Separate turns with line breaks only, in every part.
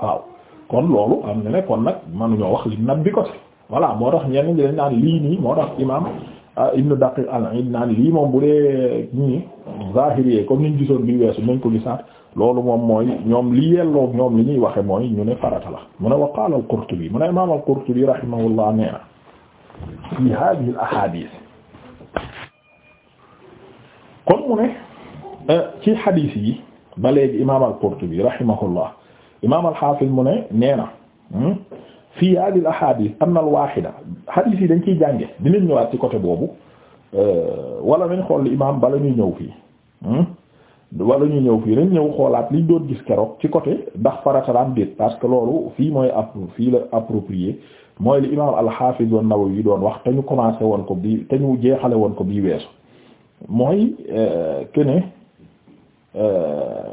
waaw kon loolu am na ne kon nag mënuñoo wax li nab bi ko si voilà moo rax ñenn ñu dañ naan lii nii moo tax imaam euh, ibnu daqiq al-Iid naan lii moom bu dee ñii zahiri comme niñ gisoon bi weesu nañ ko gisaat loolu moom mooy ñoom li yelloog ñoom li ñuy waxe mooy ñu ne farata la mu ne wa qaala al-Qurtubi mu ne imaam al-Qurtubi rahimahullah nee na fi hadhihi al-ahadith kon mu ne euh, ci hadith yi ba léegi imaam al-Qurtubi imaam al-Hafiz mu ne nee na hmm, fii hadhihi al-ahadith anna al-wahida hadith yi dañ ciy jànge dinañ ñëwaat ci côté boobu euh, wala nañ xool li imaam bala ñuy ñëw fii hmm, wala ñuy ñëw fii nañ ñëw xoolaat liñ doon gis keroog ci côté ndax faratalaan déet parce que loolu fii mooy app fii la approprié mooy li imaam al-Hafiz an yi doon wax te ñu commencé woon ko bii te ñu jeexale woon ko bii weesu mooy kene euh,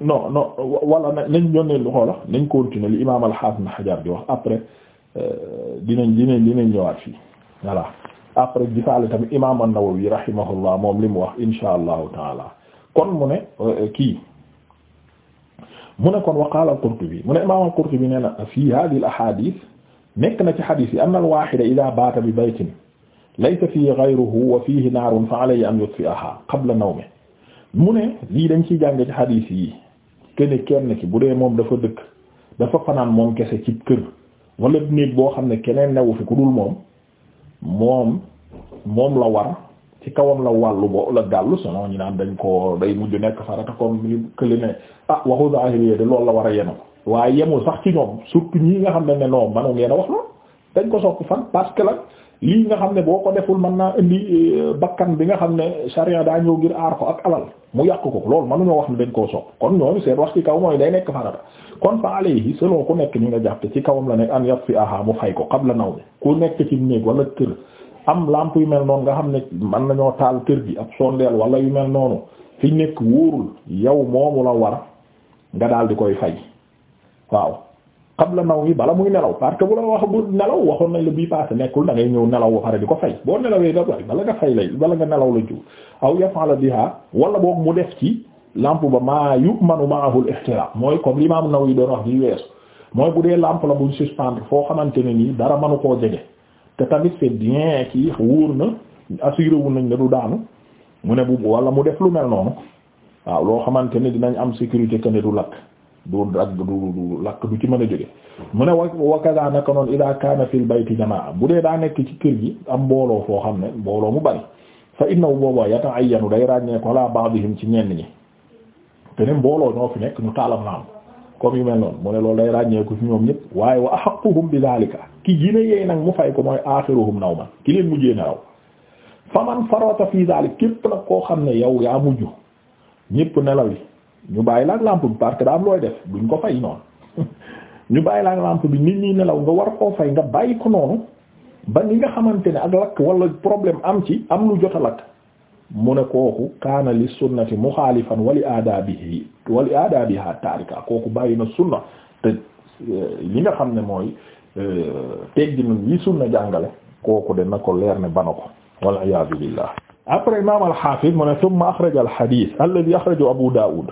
non non wala nañ yónnee li imaam al-Hasan Hajar di wax après euh, dinañ dinañ dinañ ñëwaat fii voilà après gisaale tamit imaam an-Nawawi rahimahullah moom li mu wax insha allahu taala kon mu ne euh, kii mu ne kon wa qaala al-Qurtubi mu ne imaam al-Qurtubi nee na fii haadihi al-ahaadiis nekk na ci xadiis yi anna al-waahida idaa baata bi baytin laysa fiihi ghayruhu wa fiihi naarun fa alayhi an yutfi'ahaa qabla nawmihi mu ne lii dañ ciy jàng ci xadiis yi ne kenn ki bu dee moom dafa dëkk dafa fanaan moom kese ci kër wala néeg boo xam ne keneen newu fi ku dul moom moom moom la war ci kawam la wàllu bo la gàllu sinon ñu naan dañ ko day mujj nekk farata comme li këli ne ah waxu zahiri de loolu la war a yenn yenu waaye yemul sax ci ñoom surtout ñi nga xam ne ne non manu ngeen a wax lool dañ ko sopp fan parce la lii nga xam ne boo ko deful mën naa indi euh, bakkan bi nga xam ne sharia daa ñëw ngir aar ko ak alal mu yàq ko loolu mënuñoo wax ne dañ koo sopp kon ñoom seen wax ci kaw mooy day nekk farata kon fa alayhi selon ku nekk ñu nga jàpp ci kawam la nekk an yàq fi aha mu fay ko qabla naw mi ku nekk ci néeg wala kër am lampe yu mel noonu nga xam ne man na ñoo taal kër gi ab sondeel wala yu mel noonu fi nekk wóorul yow moomu la war nga daal di koy fay la naw yi bala muy nelaw parce que bu la wax bu nelaw waxoon nañ la bi passé nekkul da ngay ñëw nelaw ba pare di ko fay boo nelawee nga pare bala nga fay lay bala nga nelaw la jiw aw di biha wala boog mu def ci lampe ba maa yu yu'manu ma'ahu al-ihtilam mooy comme l'imam Nawawi doon wax di weesu mooy bu dee làmp la buñ suspendre foo xamante ne nii dara manu koo jege te tamit c'est bien kii wóor na assuré wu nañ ne du daanu mu ne bu wala mu def lu mel noonu waaw loo xamante ne dinañ am sécurité que ne du du dagg du du lakk du ci mën a jóge mu ne wakasa naka noonu ida kaana fil bayti jamaa bu dee daa nekk ci kër gi am mbooloo foo xam ne mbooloo mu bari fa innahu booba yata'ayyanu day ràññee ko la ba'dihim ci ñenn ñi te ne mbooloo ñoo fi nekk ñu taalam naam comme yu mel noonu mu ne loolu day ràññee ko ci ñoom ñëpp waaye wa ahaqquhum bi dhalika ki gën a yeey nag mu fay ko mooy aaxiruhum nawman ki leen mujjee nelaw fa man farata fi koo xam ne yow yaa mujj ñëpp nelaw yi ñu bàyyi la ak lampe bi parce que daa am looy def duñ ko fay noonu ñu bàyyi la ak bi nit ñi nelaw nga war koo fay nga bàyyi ko noonu ba ni nga xamante ne ak lakk wala problème am ci am lu jot a lakk mu ne kooku kaana li sunnati muxaalifan wali aadaabihi wali aadaabiha taarika kooku bàyyi na sunna te euh, li nga xam ne mooy euh, tegginu yi sunna jàngale kooku de na ko leer ne bana ko wal iyaadu billah après imam al-Hafiz mu ne thumma akhraja al-hadith alladhi akhrajahu Abu Dawud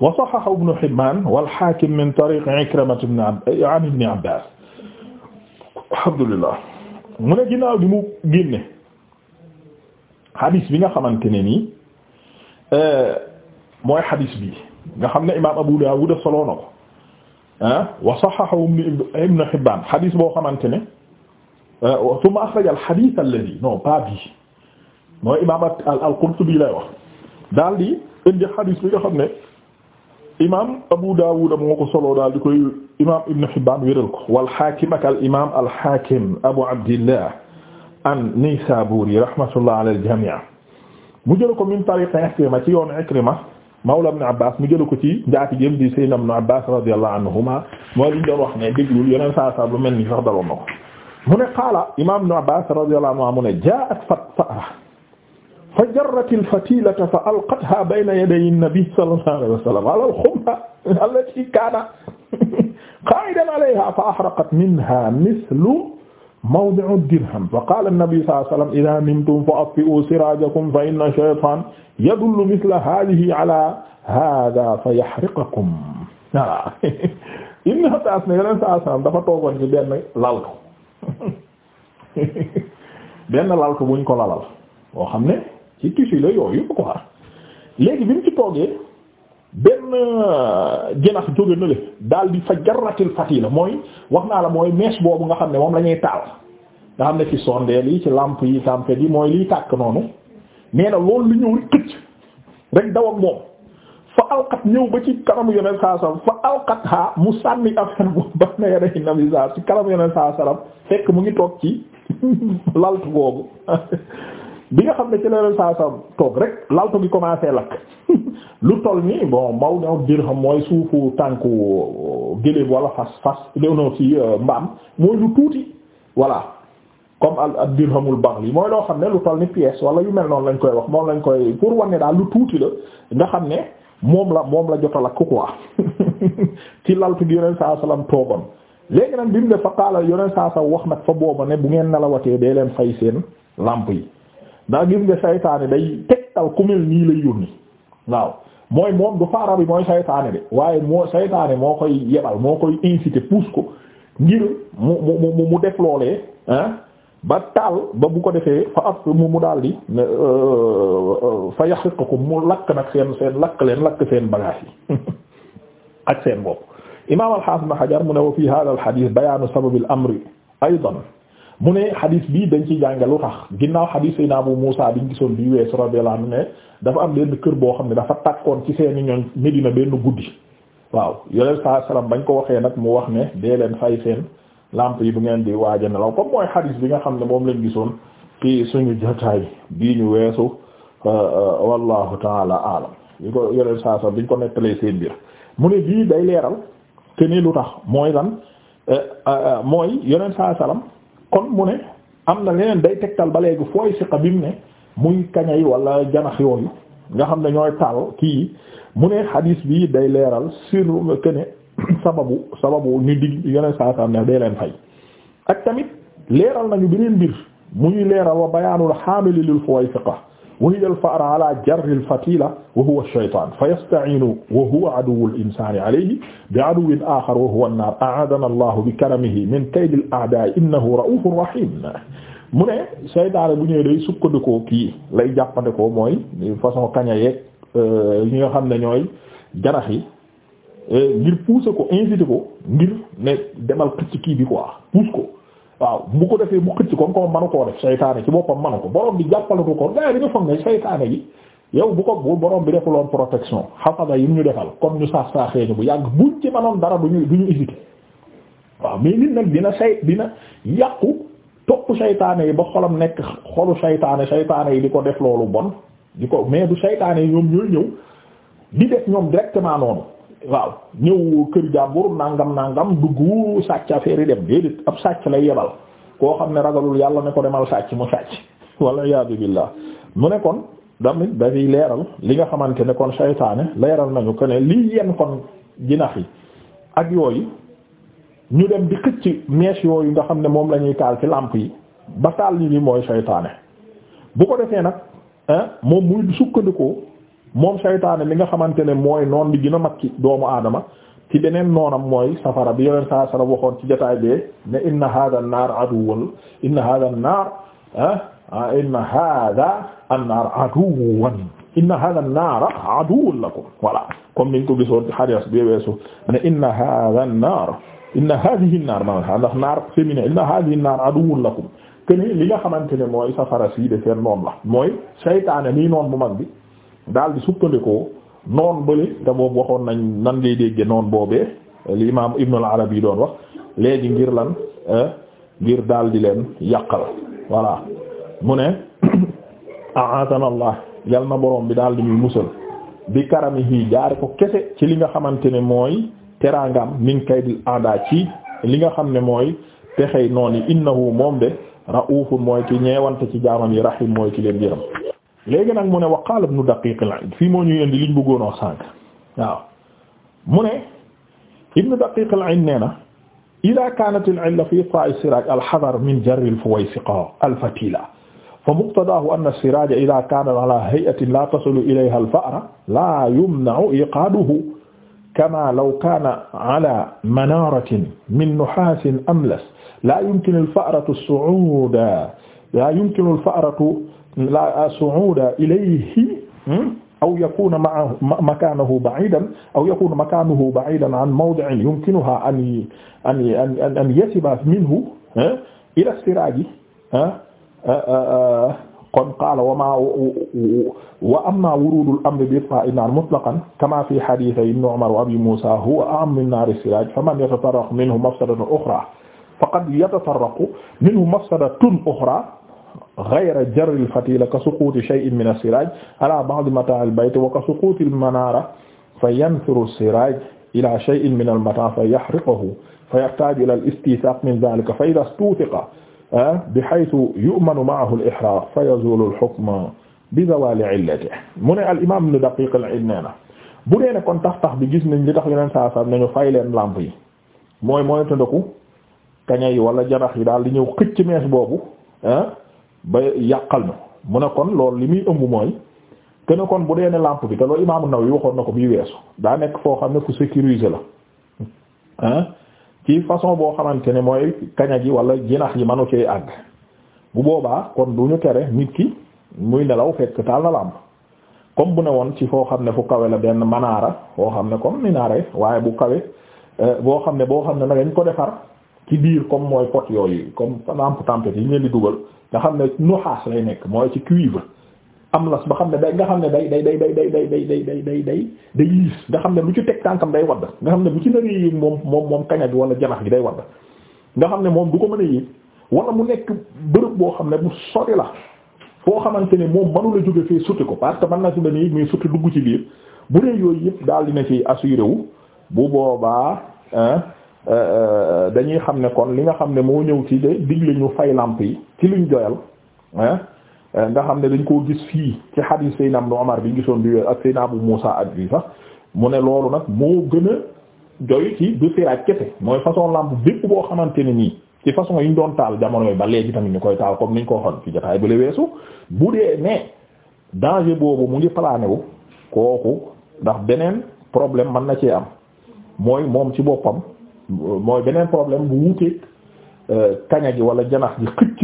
wa sahhahahu Ibn Hibban wal-Hakim min tariq Ikrimah an Ibn Abbas alhamdulillah mu ne ginnaaw bi mu génne hadith bi nga xamante ne nii eh, mooy hadith bi nga xam ne imam Abu Dawud soloo na ko ah wa sahhahahu Ibn Hibban hadith boo xamante ne eh, thumma akhraja al-hadith alladhi non pas bi mooy imaam al-Qurtubi lay wax daal di indi xadiis bi nga xam ne imaam Abu Daawud moo ko solo daal di koy imaam Ibn Hibbaan wéral ko wal Haakim ak al imaam al Haakim Abu Abdillah an-Naysaabuuri rahmatullah ala al-jamii' mu jël ko min tariiq Ikrima ci yoon Ikrima mawla Ibn Abbaas mu jël ko ci njaati jëm di Sayyidina Ibn Abbaas radiyallahu anhuma mooy li ñu doon wax ne déglul yeneen saa saa lu mel ni sax daloon na ko mu ne qaala imaam Ibn Abbaas radiyallahu anhu mu ne jaa'at fatfa'ra fa jarrat alfatilata fa alqatha bayna yaday nabi sallallahu alayhi wa sallam ala alxumra allati kaana qaa'idan alayha fa ahraqat minha mithlu mawdi'u dirham fa qaala nabi sallallahu alayhi wa sallam idha nimtum fa atfi'u sirajakum fa inna shaytaana yadullu mithla hadhihi ala hadha fa yahriqakum voilà Ibn Abbas ne yeneen saa salaam dafa toogoon ci benn laltu benn laltu buñ ko lalal boo xam ne ci tissu la yooyu quoi léegi bi mu ci toogee benn euh, jinax jóge na di daal di fa yi la mooy wax naa la mooy mees boobu nga xam ne moom lañuy ñuy taal nga xam ne ci sondeel yi ci làmp yi tempête yi mooy liy tàkk noonu nee na loolu lu ñëw rek rek daw ak moom fa alqat ñëw ba ci kanamu yoneen saa salam fa alqat ha mu sànni affaire boobu ba na yoneen nabi sa ci kanamu yoneen saa salam fekk mu ngi toog ci lalt boobu bi nga xam ne ci la leen saa saa toog rek laltu gi commencé lakk lu toll nii bon maw na dirham mooy suufu tànku euh, géléem wala fas fas léeg ci euh, mbaam mooy lu tuuti voilà comme al dirhamul baghli mooy loo xam ne lu toll ni pièce wala yu mel noonu lañ koy wax moom lañ koy pour wane daal lu tuuti la nga xam ne moom la moom la jot a lakk quoi ci laltu gi yeneen saa salaam toogoon léegi nag bi mu def fa qaala yeneen saa sa wax nag fa booba ne bu ngeen nelawatee dee leen fay seen lamp yi. ndax gis nga saytaane day tegtal ku mel nii lay yónni waaw mooy moom du faara bi mooy saytaane de waaye moo saytaane moo koy yebal moo koy inciter pousse ko ngir mu mu mu mu def loolee ah ba taal ba bu ko defee fa af mu mu daal di euh, euh, fa yaxiqakum mu lakk nag seen seen lakk leen lakk seen bagage yi ak seen bopp imam al-Hasan Hajar mu ne fi hadha al-hadith bayanu sababil aydan mu ne xadis bi dañ ciy jànge lu tax ginnaaw xadis Seydina Abu Muusa biñ gisoon bi weesu radiyallahu anhu ne dafa am benn kër boo xam ne dafa takkoon ci seen seeni ñoñ Medina benn guddi waaw yoleen saa bañ ko waxee nag mu wax ne dee leen fay seen lampe yi bu ngeen di waaja nelaw comme mooy xadis bi nga xam ne moom lañ gisoon ci suñu jotaay bii ñu weesu euh, euh, wallahu taala alam li ko yoleen saa biñ ko nettalee seen biir mu ne bii day leeral te ni lu tax mooy lan euh, mooy yoleen saa kon mu ne am na leneen day tegtal ba léegi fooy siqa bi mu ne muy kaña yi walla janax yooyu nga xam ne ñooy taal kii mu ne xadiis bi day leeral sur nga ne sababu sababu ñu dig yeneen saa saa ne day leen fay ak tamit leeral nañu beneen mbir mu ñuy leeral wa bayaanul xaamili lil fooy siqa wa hiya al-fa'ra ala jarri al-fatila wa huwa ash-shaytan fa yasta'inu wa huwa aduwwu al-insani alayhi bi aduwwin akhar wa huwa an-nar a'adana Allahu bi karamihi min kaydi al-a'da'i innahu ra'ufun rahim mu ne saytaane bu ñëwee day sukkandikoo kii lay jàppandikoo mooy façon kaña yeeg ñi euh, nga xam ne ñooy janax yi euh, ngir pousser ko inciter ko ngir ne demal xëcc kii bi quoi pousse ko waaw bu ko defee bu xëcc kon ko manu koo def seytaane ci boppam manu ko borom bi jàppalatu ko gaa yi dañu foog ne saytaane gi yow bu ko bu borom bi defuloon protection xafada yi ñu defal comme ñu saax saaxee ñu bu yàgg buñ ci manoon dara du ñu hésité waaw mais nit nag dina say dina yàqu topp seytaane yi ba xolam nekk xolu saytaane saytaane yi di ko def loolu bon di ko mais du seytaane yi ñoom ñooy ñëw di def ñoom directement noonu waaw ñëw kër jàmbur nàngam nangam duggu sàcc affaire dem déedéet ab sàcc lay yebal koo xam ne ragalul yàlla ne ko demal sàcc mu sàcc wala yaadu billah mu ne kon damit dafay leeral li nga xamante ne kon saytaane leeral nañu ko ne lii yenn kon jinax yi ak yooyu ñu dem di xëcc mèche yooyu nga xam ne moom la ñuy taal ci làmp yi ba taal ñi bi mooy saytaane bu ko defee nag moom muy sukkandikoo moom saytaane li nga xamante ne mooy noon bi gën a mag ci doomu aadama ci beneen noonam mooy safara bi yoneen saa sara waxoon ci jotaay bee ne inna hadha an-nar aduwwun inna hadha an-nar ah, ah inna hadha an-nar aduwwun inna hadha an-nar aduwwun lakum voilà comme niñ ko gisoon ci bi weesu ne inna hadha an naar féminin inna hadhihi lakum kene li nga xamante ne mooy safara sii de seen noon la mooy saytaane nii noon mu mag bi daal di sukkandikoo noon bële te boobu waxoon nañ nan ngay dégge noon boobee li imaam Ibn al-Arabi doon wax léegi ngir lan eh, ngir daal di leen yàqal voilà mu ne a'aatana Allah yal na borom bi daal di muy musal bi karamihi jaare ko kese ci li nga xamante ne mooy teraangam min kaydil a'daa ci li nga xam ne mooy pexey noon yi innahu moom de ra'uufun mooy ki ñeewante ci jaamam yi rahim mooy ki leen yërëm léegi nag mu ne wa qaala ibnu daqiq al-iid fii moo ñuy indi liñ bëggoon wax sànq waaw mu ne ibnu daqiq al-iid nee na ida kaanat al-illa fi iqtaa' as-siraaj al-hadar min jarri al-fuwaysiqa al-fatila fa muqtadaahu anna as-siraaja ida kaana alaa hay'atin laa tasulu ilayha al-fa'ra laa yumna'u iqaaduhu kamaa law kaana alaa manaaratin min nuhaasin amlas laa yumkinu al-fa'ratu as-su'uuda laa yumkinu al-fa'ratu la su'uda ilayhi hmm, aw yakuna ma'ahu makaanahu ba'idan aw yakuna makaanahu ba'idan an mawdi'in yumkinuha an an an an yasiba minhu hmm, ila istiraji hmm, eh, eh, kon qaala wa maa wa amma wuruudul amri bi itfaa'i naar mutlaqan kamaa fi hadiisay ibn Umar wa Abi Muusaa huwa a'ammu min naari siraaj faman yatatarraqu minhu mafsadatan uxraa faqad yatatarraqu minhu mafsadatun uxraa ghayra jarril fatila ka suquti shay'in min as-siraj ala ba'd mata'il bayt wa ka suquti al-manara fa yanfiru as-siraj ila shay'in min al-mata' fa yahriquhu fa yahtaju ila al-istithaq min dhalika fa idha istuthiqa bihaythu yu'manu ma'ahu al-ihraq fa yazulu al-hukmu bi zawali illatihi mu ne al imam ibn daqiq al-'id nee na bu dee ne kon tax tax bi gis nañ li tax yeneen saa saa nañu fay leen lamp yi mooy mooy tëndaku kaña yi wala jarax yi daal di ñëw xëcc mees boobu ah ba yàqal na mu ne kon loolu li muy ëmb mooy te ne kon bu dee ne lampe bi te loolu imaamu Nawawi waxoon na ko bii weesu daa nekk foo xam ne fu sécuriser la ah ci façon boo xamante ne mooy kaña gi wala jinax yi manu cee àgg bu boobaa kon du ñu tere nit ki muy nelaw fekk taal na lampe comme bu ne woon ci foo xam ne fu kawe la benn manaara foo xam ne comme minaare waaye bu kawe euh, boo xam ne boo xam ne nag dañ ko defar. ci biir comme mooy pot yooyu comme lampe tempête yi ñu leen di dugal nga xam ne nuxaas lay nekk mooy ci cuivre am las ba xam ne day nga xam ne day day day day day day day day day day day day liis nga xam ne lu ci teg tànkam day wadd nga xam ne bu ci naree yéeg moom moom moom kaña bi wala janax gi day wadd nga xam ne moom du ko mën a yéeg wala mu nekk bërëb boo xam ne bu sori la foo xamante ne moom mënu la jóge fee suti ko parce que mën na si benn yéeg mais suti dugg ci biir bu dee yooyu yëpp daal dina ci assuré wu bu boobaa Euh, euh, dañuy xam ne kon li nga xam ne moo ñëw ci de digle ñu fay làmp yi ci luñ joyal euh, nga xam ne dañ koo gis fii ci hadith Seydina Ibn Umar bi gisoon bi wéer ak Seydina Abu Musa Adri sax ah? mu ne loolu nag moo gën a joy ci du siraaj kese mooy façon làmp bépp boo xamante ne nii ci façon yi ñu doon taal jamono yi ba léegi tamit ñu koy taal comme niñ ko waxoon ci jotaay bu le weesu bu dee ne danger boobu mu ngi plané wu kooku ndax beneen problème man na cee am mooy moom ci boppam mooy beneen problème bu wuuteeg euh, kaña gi wala janax gi xëcc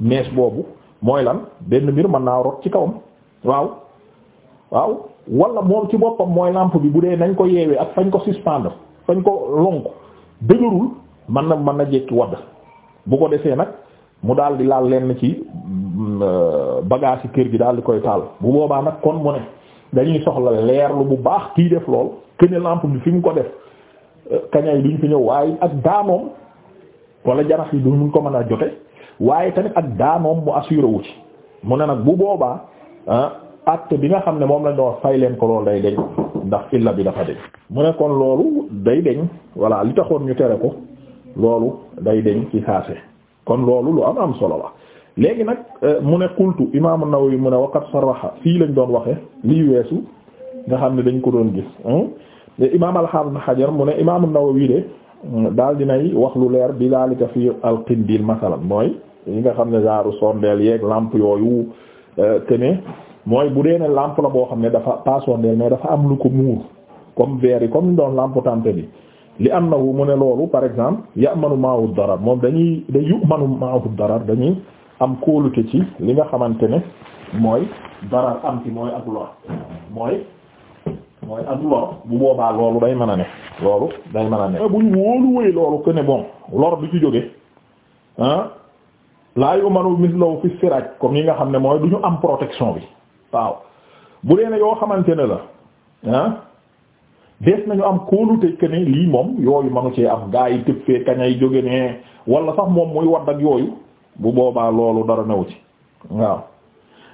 mees boobu mooy lan benn mbir man naa rot ci kawam waaw waaw wala moom ci boppam mooy làmp bi bu dee nañ ko yeewee ak fañ ko suspendre fañ ko lonk dëgërul man na mën na jekki wadd bu ko defee nag mu daal di laal lenn ci mm, euh, bagage yi kër gi daal di koy taal bu boobaa nag kon mu ne dañuy soxla leerlu bu baax kii def lool këne lampe bi fi mu ko def kañay duñ fi ñëw waaye ak daanoom wala jarax yi du duñ ko mën a jote waaye tamit ak daanoom mu assuré wu ci mu ne nag bu boobaa ah, acte bi nga xam ne moom lañ doon fay leen ko loolu day deñ ndax illa bi dafa deñ mu ne loolu day deñ voilà li taxoon ñu tere ko loolu day deñ ci saase kon loolu lu am am solo la léegi nag euh, mu ne kultu imaamu Nawawi mu ne waqat sarraxa fii lañ doon waxe lii weesu nga xam ne dañ ko doon gis imaam alxaafis xajar mu ne imaam an wii de mm, daal dinay wax lu leer bi daalika fi al-qindil masalan mooy yi nga xam ne genre sondeel yeeg lampe yooyu euh, te ne mooy bu dee ne lampe la boo xam ne dafa pas sondeel dafa am lu ko muur comme verre yi comme ni doon lampe tante bi li am na wu mu ne loolu par exemple ya'manu ma'ahu darar moom dañuy da yu'manu ma'ahu darar dañuy am kóolute ci li nga xamante ne mooy darar am ci mooy ak lor mooy mooy ak lor bu boobaa loolu day mën a ne loolu day mën a ne bu ñu wóolu wéy loolu que ne bon lor bi ci jóge laa yu manu mislaw fi siraj comme yi nga xam ne mooy du ñu am protection bi waaw bu dee ne yoo xamante ne la ah des nañu am kóolute que ne lii moom yooyu manu ci am gaa yi tëb fee kañay jóge ne wala sax moom muy wadd ak yooyu bu boobaa loolu dara newu ci waaw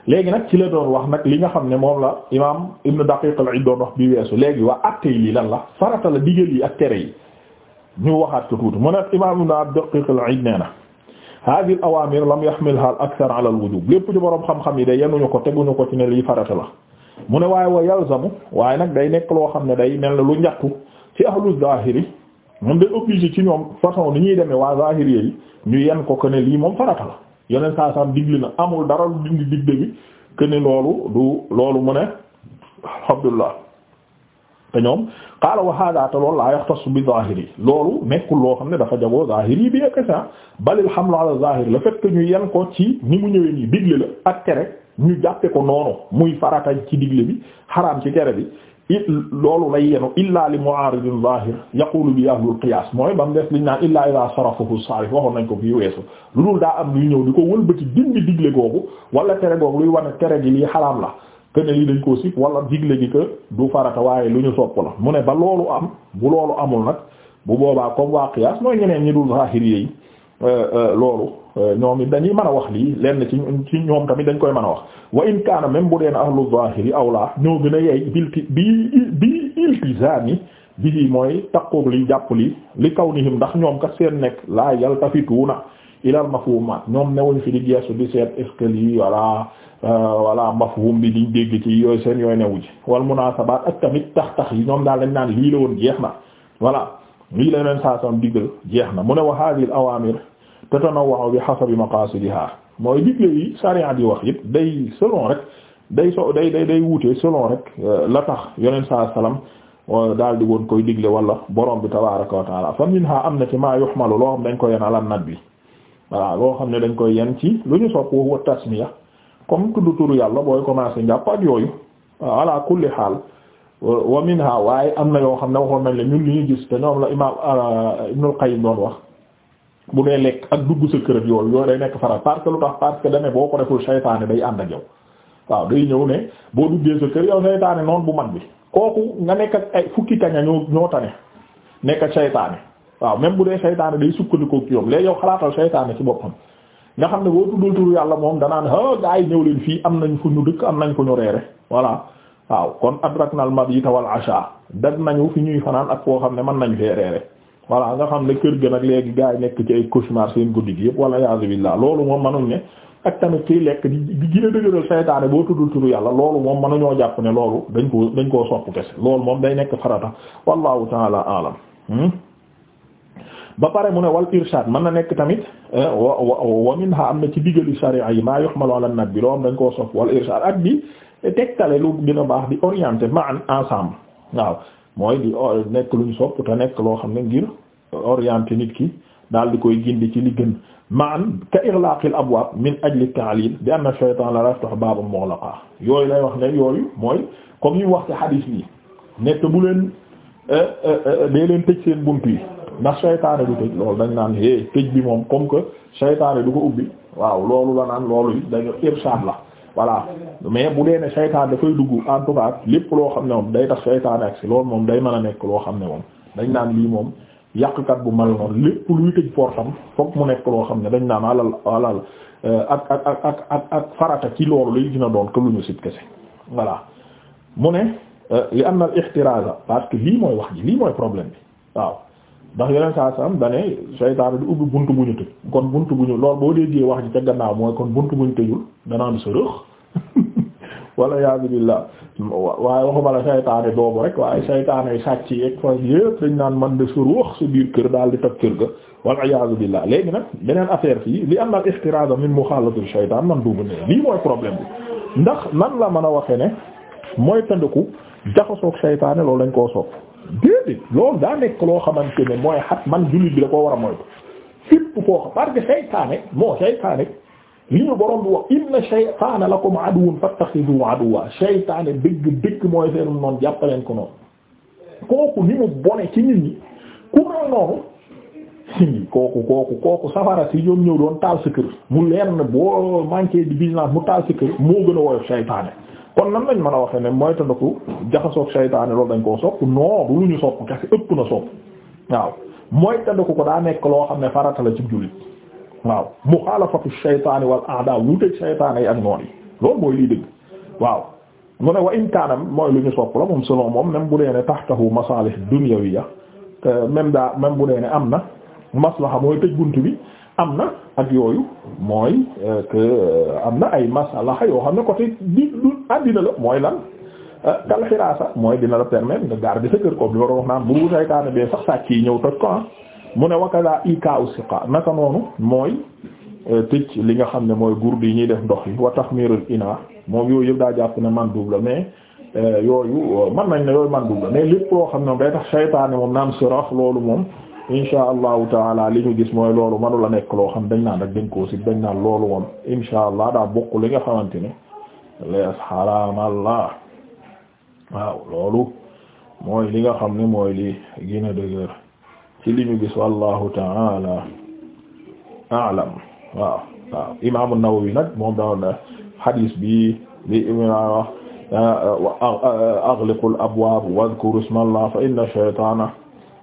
léegi nag ci la doon wax nag li nga xam ne moom la imaam ibnu daqiq al-Iid doon wax bi weesu léegi waa àttee lii lan la farata la digal yi ak tere yi ñu waxaat ko tuuti mu ne imaam ibnu daqiq al-Iid nee na hadihi al-awaamir lam yahmilha al-akthar ala al-wujub lépp ci boroom xam-xam yi day ñu ko teguñu ko ci ne lii farata la mu ne waaye wa yalzamu waaye nag day nekk loo xam ne day mel ne lu njattu ci ahlu zahiri moom day obligé ci ñoom façon ni ñuy demee waa zahiri ñu yen ko ko ne yeneen saa saam digli na amul dara lu dindi digle bi que loolu du loolu mu ne alhamdulillah te ñoom qaala wa hada lool loolu laa yaxtassu bi zahiri loolu nekkul loo xam ne dafa jagoo zahiri bi ak sa ah. balil hamlu ala zahiri le fait que ñu yen ko ci ni mu ñëwee nii digle la ak tere ñu jàppe ko noonu muy farata ci digle bi xaraam ci tere bi loolu lay yenu illa li mu'aaridin zahir yaqulu bi ahlul qiyaas mooy ba mu def liñ naan illa ila sarafahu saalih waxoon nañ ko fii weesu lu dul daa am luy ñëw di ko wëlbati dindi digle googu wala tere googu luy wane tere gi lii xaraam la que ne lii dañ koo sib wala digle gi que du farata waaye lu ñu sopp la mu ne ba loolu am bu loolu amul nag bu boobaa comme waa qiyaas mooy ñeneen ñi dul zahir yi Euh, euh, loolu euh, ñoom it dañuy man a wax lii lenn ci ci ñoom tamit dañ koy man a wax wa in kaana même bu deen ahlu zahiri awla ñoo gën a yey bilti bi bi iltizami bi mooy takkoog li jàpp li li kawnihim ndax ñoom kat seen nekk laa yaltafituuna ilal mafhumaat ñoom newuñ fi di geesu di seet est-ce que lii walla walla mafhum bi diñ dégg ci yooyu seen yooyu newu ji wal munaasabaat ak tamit tax-tax yi ñoom daal lañ naan lii la woon jeex na voilà lii la leen saa sam diggal jeex na mu ne wax hadhihi al awamir te tanawwu bi hasabi maqasidiha mooy digle yi sariya di wax yëpp day selon rek day so day day day wuute selon rek euh, la tax yonent saa salaam euh, daal di woon koy digle wala borom bi tabaaraka wa taala fa minha am na ci maa yuhmalu loo xam bi loo xam ne dañ koy yen ci lu ñu sopp wa tasmiya comme tudd turu yàlla booy commencé njàpp ak yooyu waaw ala kulli xaal wa minha waaye am na yoo xam ne waxoon nañ la ñun li ñu gis te ñoom la imaam euh, Ibnul Qayyim doon wax. bu dee lekk ak dugg sa kër yooyu yooyu day nekk faral parce que lu tax parce que dane boo ko deful saytaane day ànd ak yow waaw day ñëw ne boo duggee sa kër yow saytaane noonu bu mag bi kooku nga nekk ak ay fukki kaña ñoo ñoo tane nekk ak saytaane waaw même bu dee saytaane day sukkandikoo ci yoom léegi yow xalaatal saytaane ci boppam nga xam ne boo tuddul turu yàlla moom danaan ah gaa yi ñëw leen fii am nañ fu ñu dëkk am nañ fu ñu reere voilà waaw kon adraknal mabita wal asha dag nañu fi ñuy fanaan ak koo xam ne mën nañ fee reere voilà nga xam ne kër gi nag léegi gaa yi nekk ci ay cauchemar seen guddi gi yëpp wala yaasu billah loolu moom mënuñ ne ak tamit kiy lekk di gën a dëgëral saytaane boo tuddul turu yàlla loolu moom nañoo jàpp ne loolu dañ koo dañ koo sopp kese loolu moom day nekk farata wallahu taala alam hmm? ba pare mu ne wal irshad mën na nekk tamit eh, wa wa minha am na ci digali sharia yi maa yuhmalu ala nat bi loo dañ koo sopp wal irshad ak bi eh, tegtale lu gën a ma an ensemble waaw mooy di nekk lu ñu sopp te nekk loo xam ne ngir oriente nit ki daal di koy gindi ci li gën maan ka irlaqil abwaab min ajli ta'lil bi anna shaytan la yaftahu baaban mughlaqa yooyu lay wax ne yooyu mooy comme ñu wax ci xadiis bi nekk bu leen eh, eh, eh, dee leen tëj seen bunt yi ndax seytaane du tëj loolu dañ naan é tëj bi moom comme que seytaane du ko ubbi waaw loolu la naan loolu yi dañu irsaad la voilà mais bu dee ne saytaan dafay dugg en lépp loo xam ne moom day tax saytaan ak si loolu moom day mën a nekk loo xam ne moom dañ naan lii moom yàqkat bu mel noonu lépp luy tëj portam fokk mu nekk loo xam ne dañ naan alal alal euh, ak ak ak ak ak ak farata ci loolu lay dina doon que sit kese voilà mu ne euh, li am na al ixtiraza lii mooy wax ji lii mooy problème bi waaw ndax yeneen saa saam da ne seytaane du ubbi buntu bu ñu tëj kon bunt bu ñu loolu boo déggee wax ji ca gannaaw mooy kon buntu bu ñu tëjul danaa di sërëx wala yaa billah waaye waxuma la seytaane boobu rek waaye seytaane sàcc yeeg fa yëpp dañ naan man de sërëx sa biir kër daal di toj kër ga wala yaa billah léegi nag beneen affaire fii li am na ixtiraaz min muxaalatu seytaan man duubu ne lii mooy problème bi ndax nan la mën a waxee ne mooy tëndiku seytaane loolu dañ koo sopp déedéet loolu daa nekk loo xamante ne mooy xat man jullit bi da koo war a moytu fépp koo xam parce que saytaane moo saytaane li ñu borom bi wax inna shaytaana lakum aduwwun fattaxizuhu aduwwa saytaane dëgg dëgg mooy seenum noonu jàppaleen ko noonu kooku ni mu bone ci nit noonu kooku kooku kooku safara si ñëw doon taal sa kër mu leer boo manqué di vigilance mu taal sa kër moo gën a woyof saytaane kon nan lañ mën a waxee ne mooy tandaku jaxasoog saytaane loolu dañ koo sopp non du lu ñu sopp kese ëpp na sopp waaw mooy tandaku ko daa nekk loo xam ne farata la ci jullit waaw muxaalafatu saytaani wal a'daa wuuteeg saytaane yi ak noon yi loolu mooy lii dëgg waaw mu ne wa imkaanam mooy lu ñu sopp la moom selon moom même bu dee ne tahtahu masalih ya même daa même bu dee ne am na maslaha mooy tëj bunt bi am na ak yooyu mooy euh, que euh, am na ay masalaxa yoo xam ne côté di du àddina la mooy lan euh, kal xiraasa mooy dina la permettre nga garder sa kër comme li war a wax naan buru saytaane bee sax sàcc yi ñëw toj ko ah. mu ne wakada ika u na naka noonu mooy tëj li nga xam ne mooy gurdi yi ñuy def ndox yi wa taxmiirul ina moom yooyu yëpp daa jàpp ne man la mais yooyu man nañ ne yooyu man double mais lépp loo xam ne moom day tax saytaane moom naan sirax loolu moom insha allahu taala li ñu gis mooy loolu manu la nekk loo xam dañ naan rek dañ koo si dañ naan loolu woon insha allah daa bokk li nga xamante ne lees xaraamallah waaw loolu mooy li nga xam ne mooy li gën a dëgër ci li ñu gis wallahu taala a'lam waaw waaw imaamu Nawawi nag moom daawoon na xadiis bi bi imaam wax aghliqul abwaab wadhkur ismallah fa inna shaytaana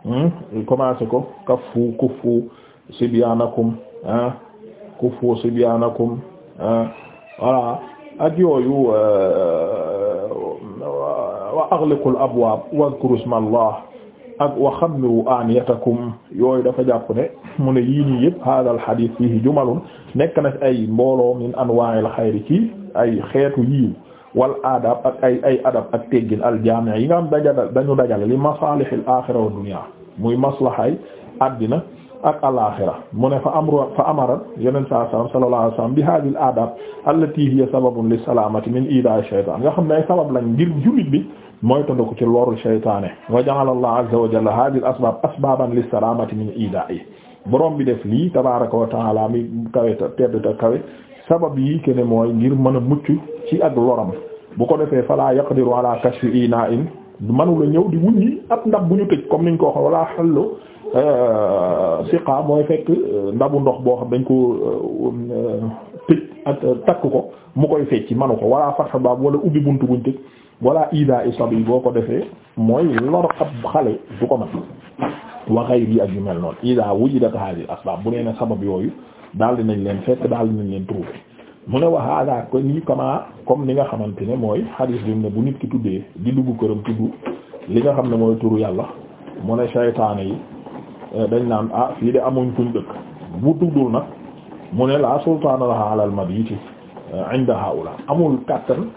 Hmm? commencé ko kaffu kuffu sibyanakum kuffu sibyanakum voilà ak yooyu euh, wa aghliqul abwaab wadhkuru ismallah ak wa xammiru aaniyatakum yooyu dafa jàpp ne mu ne yii nii yëpp hada al hadith fihi jumalun nekk na ay mbooloo min anwa'il xayri ci ay xeetu yiw wal adab ak ay ay adab ak teggin al yi nga xam dajal dañu dajal li masalihil axira wa dunya muy maslahaay addina ak alaaxira mu ne fa amru fa amara yeneen saa salaam sallallahu alayhi wa sallam bi hadhihi al adab allati hiya sababun li salamati min idaa shaytaan nga xam ne ay sabab lañ ngir jullit bi mooy tënd ci loru shaytaane wa ja'ala allah azza wa jalla hadhihi al li salamati min idaa borom bi def lii tabaaraka wa ta'ala mi kawe ta kawe sabab yi ke ne mooy ngir mën a mucc ci ak loram bu ko defee falaa yaqdiru ala kashfi ina in manula ñëw di wuññi ab ndab bu ñu tëj comme niñ ko wax wala xallu euh, siqa mooy fekk euh, ndabu ndox boo xam dañ ko euh, tëj ko mu koy fecci manu ko wala fatxa baab wala ubbi bunt buñ tëj wala ida i sabi boo ko defee mooy lor ab xale du ko man wa ghayri ak yu mel noonu ida wujidat hadhihi asbab bu nee ne sabab yooyu daal nañ leen fekk daal nañ leen trouver mu ne wa hada ko ni kama comme li nga xamante ne mooy hadis bi ne bu nit ki tuddee di dugg këram tudd li nga xam ne mooy turu yàlla mu ne saytaane yi eh, dañ naan ah fii de amuñ kuñ dëkk bu tuddul nag mu ne la sultaana laha ala al mabiti eh, inda haula amul kàttan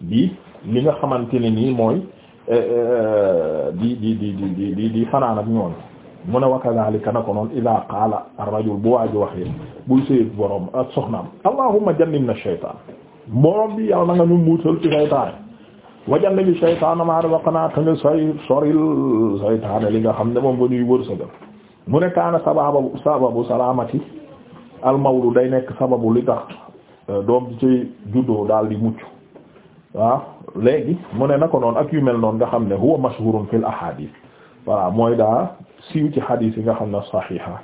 bi li nga xamante ne nii mooy Eh, eh, di di di di di di fanaan ak ñoom mu ne wa kadhalika na ko noonu ida qaala ar bu waa ji waxee buy sëy borom ak soxnaam allahumma jannibna shaytaan borom bi yàlla na nga ñu muusal ci saytaane wa jannibi shaytaana maa razaqnaa nga say soril saytaane li nga xam ne moom nga ñuy wërsëgal mu ne kaana sababu sababu salaamati al mawlu day nekk sababu li tax eh, doom bi ci juddoo daal di mucc waaw léegi mu ne nako noonu ak yu mel noonu nga xam ne huwa mashhurun fil ahadith voilà mooy daa siiw ci hadith yi nga xam ne sahiha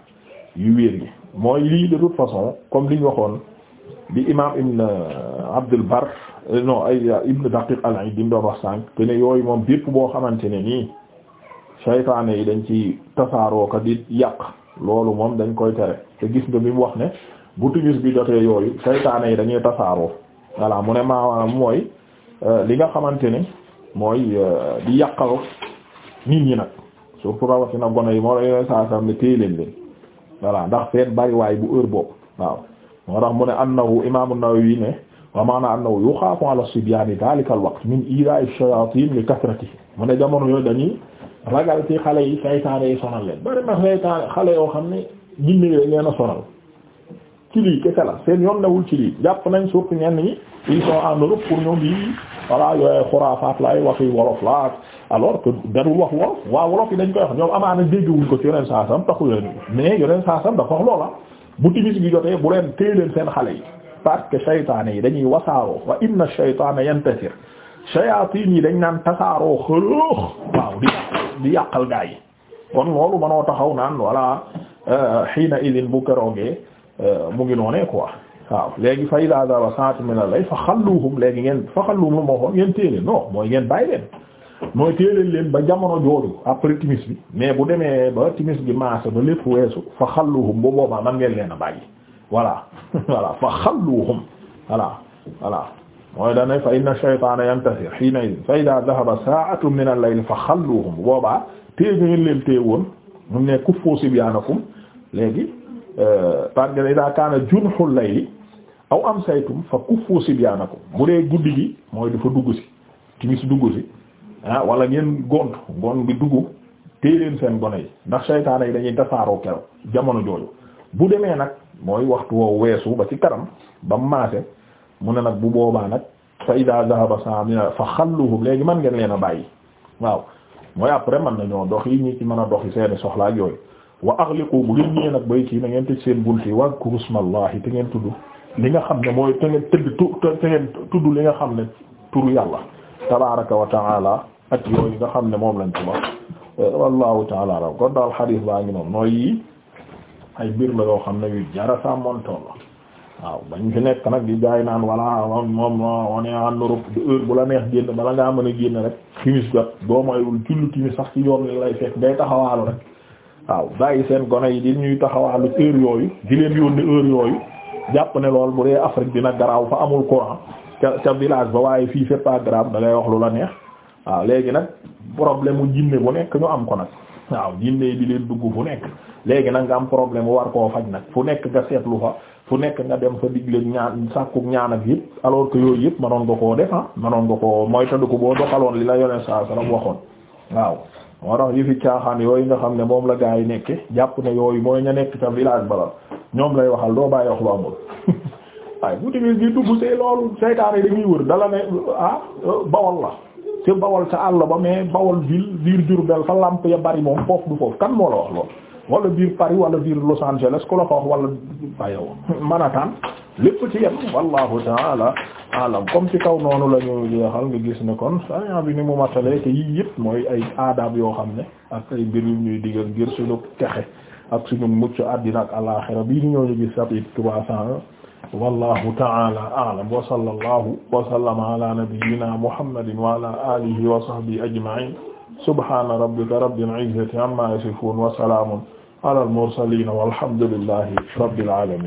yu wér yi mooy lii de toute façon comme li ñu waxoon bi imam ibn Abdul Barr euh, no ay euh, ibn Daqiq al-Id doon wax sànq te ne yooyu moom bépp boo xamante ne nii saytaane yi dañ ci tasaaroo ka di yàq loolu moom dañ koy tere te gis nga bi mu wax ne bu timis bi jotee yooyu saytaane yi dañuy tasaaroo voilà mu ne maanaam mooy Euh, li nga xamante ne mooy euh, di yàqal nit ñi nag surtout rawatina gone yi moo la yeneen saa saa ne téye leen leen voilà ndax seen bariwaay bu heure boobu waaw moo tax mu ne annahu imaamu Nawawi ne wa maana annahu yuxaafu ala sibyaani daalika al waqt min iilaa'i shayaatiin li kasratihi mu ne jamono yooyu dañuy ragal ci xale yi saytaane yi sonal leen bari na saytaane xale yoo xam ne jinne yi dañ sonal ci lii kese la seen yoon newul ci lii jàpp nañ surtout ñenn ils sont en Europe pour ñoom yi voilà xuraafaat la ay waxi wolof la alors que darul wax wolof waa wolof yi dañ koy wax ñoom amaana dégguwuñ ko ci yoneen saasam taxu leen mais yoneen saasam dafa wax loola bu timis bi jotee bu leen téye seen xale yi parce que saytaane yi dañuy wasaaroo wa inna saytaana yantasir sayaatin yi dañ naan tasaaroo xëroox waaw di di yàqal gaa loolu mënoo taxaw naan voilà euh, xiina idin bu keroogee euh, mu ngi noonee waaw léegi fa idaa daba saatu min a lay fa xalluhum léegi ngeen fa xalluhum lu moo xoon ngeen téeléen non mooy ngeen bàyyi leen mooy téeléen leen ba jamono jooju après timis bi mais bu demee ba timis bi maase ba lépp weesu fa xalluhum ba boobaa man ngeen leen a bàyyi voilà voilà fa xalluhum voilà voilà mooy dane fa inna shaytaana yantasir hiina idin fa idaa dahaba saatu min al layl fa xalluhum bu boobaa téye ngeen leen téye woon mu ne kuffu sibyaanakum léegi euh, parce que idaa kaana junhul layli aw am saytum fa kuffu sibyaanakum bu dee guddi gi mooy dafa dugg si timis dugg si ah wala ngeen gont gont bi dugg téye leen seen gone yi ndax saytaana yi dañuy tasaaroo keroog jamono jooju bu demee nag mooy waxtu woo weesu ba ci kanam ba maase mu ne nag bu boobaa nag fa idaa dhahaba saamina fa xalluhum léegi man ngeen leen a bàyyi waaw mooy après na nañoo dox yi ñi ci mën a doxi seeni soxlaa ak yooyu wa aghliqu bu ngeen ñëwee nag bay kii na ngeen tëj seen bunt yi wa kurusmallahi te ngeen tudd li nga xam ne mooy te tu te ngeen tudd li nga xam ne turu yàlla tabaraka wa taala ak yooyu nga xam ne moom lañ ci wax eh, wallahu taala raw kon daal xadiis baa ngi moom nooy yi ay mbir la yoo xam ne yu jara sa montoon la waaw bañ fi nekk nag yi jaay naan walla moom on est en Europe de heure bu la neex génn bala ngaa mën a génn rek timis jot boo moywul julli timis sax ci yoon li lay fekk day taxawaalu rek waaw bàyyi seen gone yi di ñuy taxawaalu heure yooyu di leen yooyu jàpp ne lool bu dee Afrique dina garaaw fa amul courant ca ca village ba waaye fii c'est pas grave da ngay wax lu la neex waaw léegi nag problème mu jinne bu nekk ñu am ko nag waaw jinne bi leen dugg bu nekk léegi nag nga am problème war koo faj nag fu nekk nga seetlu fa fu nekk nga dem fa digle ñaan sàkku ñaan ak yëpp alors que yooyu yëpp manoon nga koo def ah manoon nga koo moytandiku boo doxaloon li la yoneen saa salam waxoon waaw moo tax yi fi caaxaan yooyu nga xam ne moom la gaa yi nekke jàpp ne yooyu mooy ña nekk ca village bala ñoom lay waxal doo bàyyi wax lu amul waaye bu timis di see loolu seytaane dañuy wër dala ne ah, bawal la te bawal sa àll ba mais bawal ville biir Diourbel fa lamp ya bari moom foofu du foofu kan moo la wax loolu wala biir Paris wala biir Los Angeles ku la ko wax wala bayow Manhattan lépp ci yem wallahu taala alam comme ci kaw noonu la ñu jeexal gis ne kon sariya bi ni mu matale te yii yëpp mooy ay aadab yoo xam ne ak ay mbir yu ñuy d ngir suñu ak suñu mucc addina ak alaaxira bii di ñëw ñu gis chapitre trois cent un wallahu ta'ala a'lam wa sallallahu wa sallama ala nabiyyina muhammadin wa ala alihi wa sahbihi ajma'in subhana rabbika rabbil izzati amma yasifun wa salamun ala al mursalin walhamdulillahi rabbil alamin